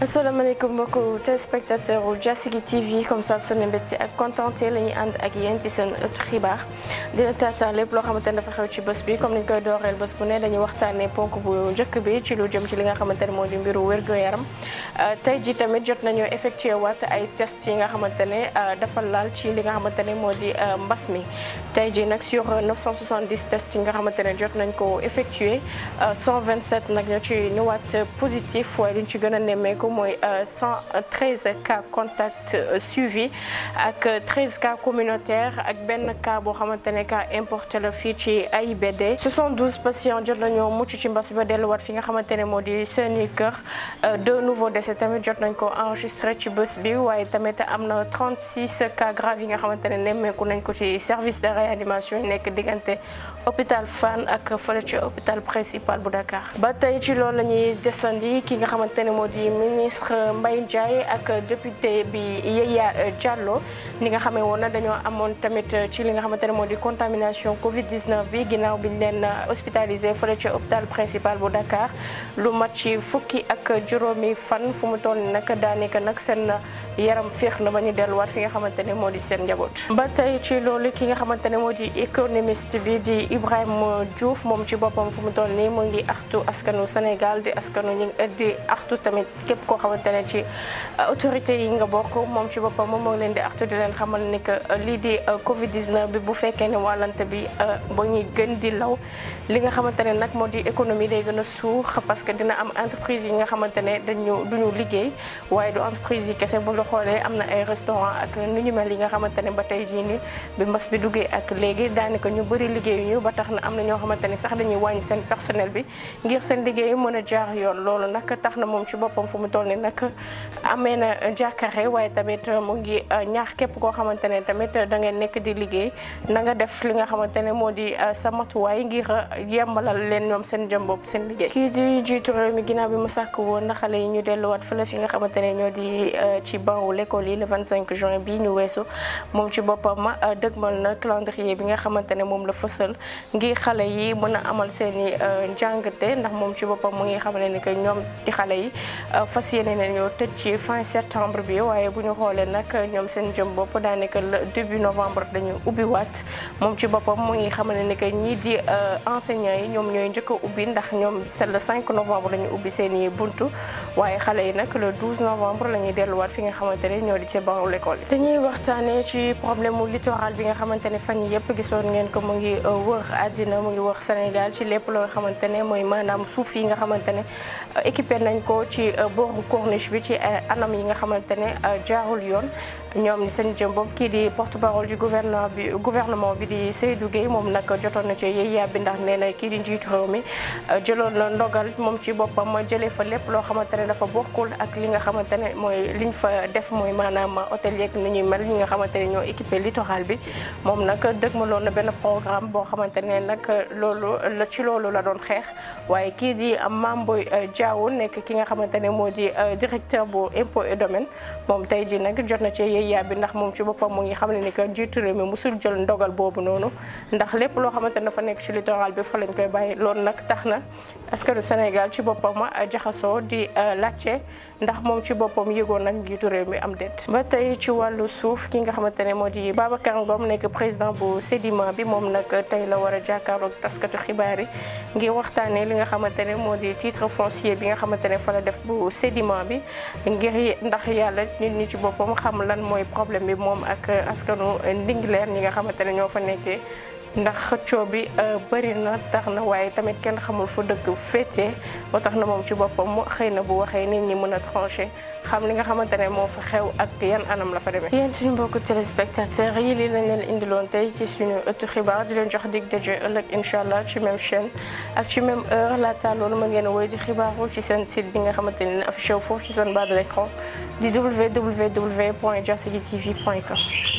Assalamu asalaamaaleykum mbokk téléspectateur u Diassigui TV comme ça sunu mbégte ak contenté la and ak yéen ci seen autre xibar dina taataan lépp loo xamante ne dafa xew ci bëss bi comme ni koy dorel bëss bu ne dañuy waxtaanee ponk bu jëk bi ci lu jëm ci li nga xamantene ne di mbiru wér-gu-yaram euh, tey ji tamit jot nañu effectuer wat ay test yi nga xamantene ne euh, dafa laal ci li nga xamantene ne moo di euh, mbas mi tey ji nag sur 970 tests yi nga xamantene jot nañ ko effectuer 127 nak ñu ci ñu wat positif waaye liñ ci gëna a nemmeeku mooy 113 euh, euh, cas contact euh, suivi ak 13 cas communautaire ak benn cas bo xamante ne cas importé le fii ci AIBD 72 patients jot nañu mucc ci mbas ba wat fi nga xamante modi moo di seeni kër deux nouveaux décès tamit jot nañ ko enregistré ci bus bi waye tamit amna 36 cas graves nga xamante nemeku nañ ko ci service de réanimation nek diganté hôpital Fan ak fële ci hôpital principal bu Dakar ba tay ci lool lañuy ñuy ki nga xamante modi ministre Mbaye Ndiaye ak député bi Yaya Diallo ni nga xamé woon na dañoo amoon tamit ci li nga xamante modi contamination Covid 19 bi ginnaaw bi len leen hospitalisé fële ci hôpital principal bu Dakar lu mat ci fukki ak juromi fan fu mu toll nag daanaka nag seen. yaram féex na ba ñu delluwaat fi nga xamante ne moo di seen njaboot. ba tey ci ki nga xamante ne moo di économiste bi di Ibrahima Diouf moom ci boppam fu mu toll nii mu ngi axtu askanu Sénégal di askanu ñu di axtu tamit képp koo xamante ne ci euh, autorité yi nga bokk moom ci boppam moom moo ngi leen di axtu di leen xamal ni que euh, lii di euh, Covid bi bu fekkee ne wàllante bi ba ñuy gën di law li nga xamante ne nag moo di économie day gën a suux parce que dina am entreprise yi nga xamante ne dañu duñu liggéey waaye du entreprise yi kese bu xoolee am na ay restaurant ak ni ñu mel yi nga xamante ne ba tey jii bi mbas bi duggee ak léegi daanaka ñu bëri liggéeyuñu ba tax na am na ñoo xamante ni sax dañuy wàññi seen personnel bi ngir seen liggéey mën a jaar yoon loolu nag tax na moom ci boppam fu mu toll ni nag amee na jàkkaare waaye tamit mu ngi ñaax képp koo xamante ne tamit da ngeen nekk di liggéey na def li nga xamante ne moo di euh, sa matuwaay ngir euh, yembalal leen ñoom seen jëm bopp seen liggéey kii di jiitu réew mi ginnaaw bi mu sàkk woon na yi ñu delluwaat fële fi nga xamante ñoo di euh, ci bawu l'école yi le 25 juin bi ñu weesu mom ci boppam deugmal na calendrier bi nga xamantene mom moom la fësal ngir xale yi mën a amal seen euh, jangate ndax mom ci bopam mu ngi xamale ni que ñom ti xalé yi euh, fas yéene ne ñoo tëj ci fin septembre bi waye bu ñu xoolee nag ñoom seen jëm bop bopp daanaka le début novembre dañuy ubi wat mom ci bopam mu ngi xamale ni que ñi di euh, enseignants yi ñom ñoy njëkk ubi ndax ñom c'est le 5 novembre la ubi ubbi seen buntu waye xalé yi nak le 12 novembre la déllu wat fi nga xamante ne ñoo di ci bangu l'école problème mu littoral bi nga xamante fan yi gisoon ngeen ko mu ngi euh, wër àddina mu ngi wër Sénégal ci lépp loo xamante ne mooy maanaam suuf yi nga xamante ne euh, équipé nañ ko ci euh, booru corniche bi ci anam yi nga xamante ne jaarul yoon ñoom ni seen jëm bopp kii di porte parole du gouvernement bi gouvernement bi di Seydou Gueye moom nag jotoon na ci yéy yàbbi ndax nee na kii di njiitu réew mi jëloon na ndogal moom ci boppam jëlee fa lépp loo xamante ne def muy maanaam hôtel yeeg nu ñuy mel ñi nga xamante ñoo équipé littoral bi moom nag dëgmaloon na benn programme boo xamante ne nag loolu la ci loolu la doon xeex waaye kii di Mamboy euh, Diaw nekk ki nga xamante ne moo di euh, directeur bu impôt et domaine moom tey jii nag jot na ci yéyyaa bi ndax moom ci boppam mu ngi xam ne ni que njiitu réew mi musul jël ndogal boobu noonu ndax lépp loo xamante ne dafa nekk ci littoral bi fa lañ koy bàyyi loolu nag tax na askanu ci boppam euh, jaxasoo di laajte ndax moom ci boppam yëgoon réew am déet ba tey ci wàllu suuf ki nga xamante ne moo di Babacar Ngom nekk président bu Sedima bi moom nag tey la war a jàkkaarloog taskatu xibaar yi ngir waxtaanee li nga xamante ne moo di titre foncier bi nga xamante ne fa la def bu Sedima bi ngir ndax yàlla nit ñi ci boppam xam lan mooy problème bi moom ak askanu Ndingler ñi nga xamante ne ñoo fa nekkee ndax xëccoo bi bëri na tax na waaye tamit kenn xamul fu dëgg féetee ba tax na moom ci boppam mu xëy na bu waxee nit ñi mën a tranché xam li nga xamante ne moo fa xew ak yan anam la fa demee. yéen suñu mbokku téléspectateurs yi lii lañ leen indiloon tey ci suñu ëttu xibaar di leen jox dig daje ëllëg incha allah ci même chaîne ak ci même heure laata loolu mën ngeen a woy di xibaaru ci seen site bi nga xamante ne affiché wu foofu ci seen bas de l'écran di www.diassigui tv point com.